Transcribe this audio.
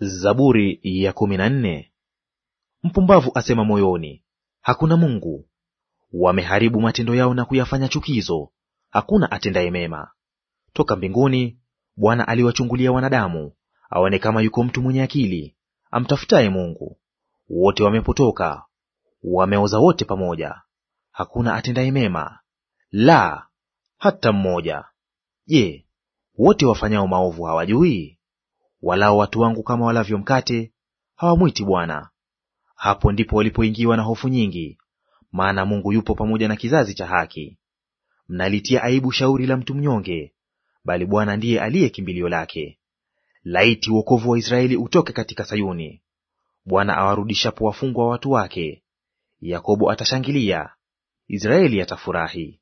Zaburi ya kumi na nne. Mpumbavu asema moyoni, hakuna Mungu. Wameharibu matendo yao na kuyafanya chukizo, hakuna atendaye mema. Toka mbinguni Bwana aliwachungulia wanadamu, aone kama yuko mtu mwenye akili, amtafutaye Mungu. Wote wamepotoka, wameoza wote pamoja, hakuna atendaye mema, la hata mmoja. Je, wote wafanyao maovu hawajui? Walao watu wangu kama walavyo mkate, hawamwiti Bwana. Hapo ndipo walipoingiwa na hofu nyingi, maana Mungu yupo pamoja na kizazi cha haki. Mnalitia aibu shauri la mtu mnyonge, bali Bwana ndiye aliye kimbilio lake. Laiti wokovu wa Israeli utoke katika Sayuni! Bwana awarudishapo wafungwa watu wake, Yakobo atashangilia, Israeli atafurahi.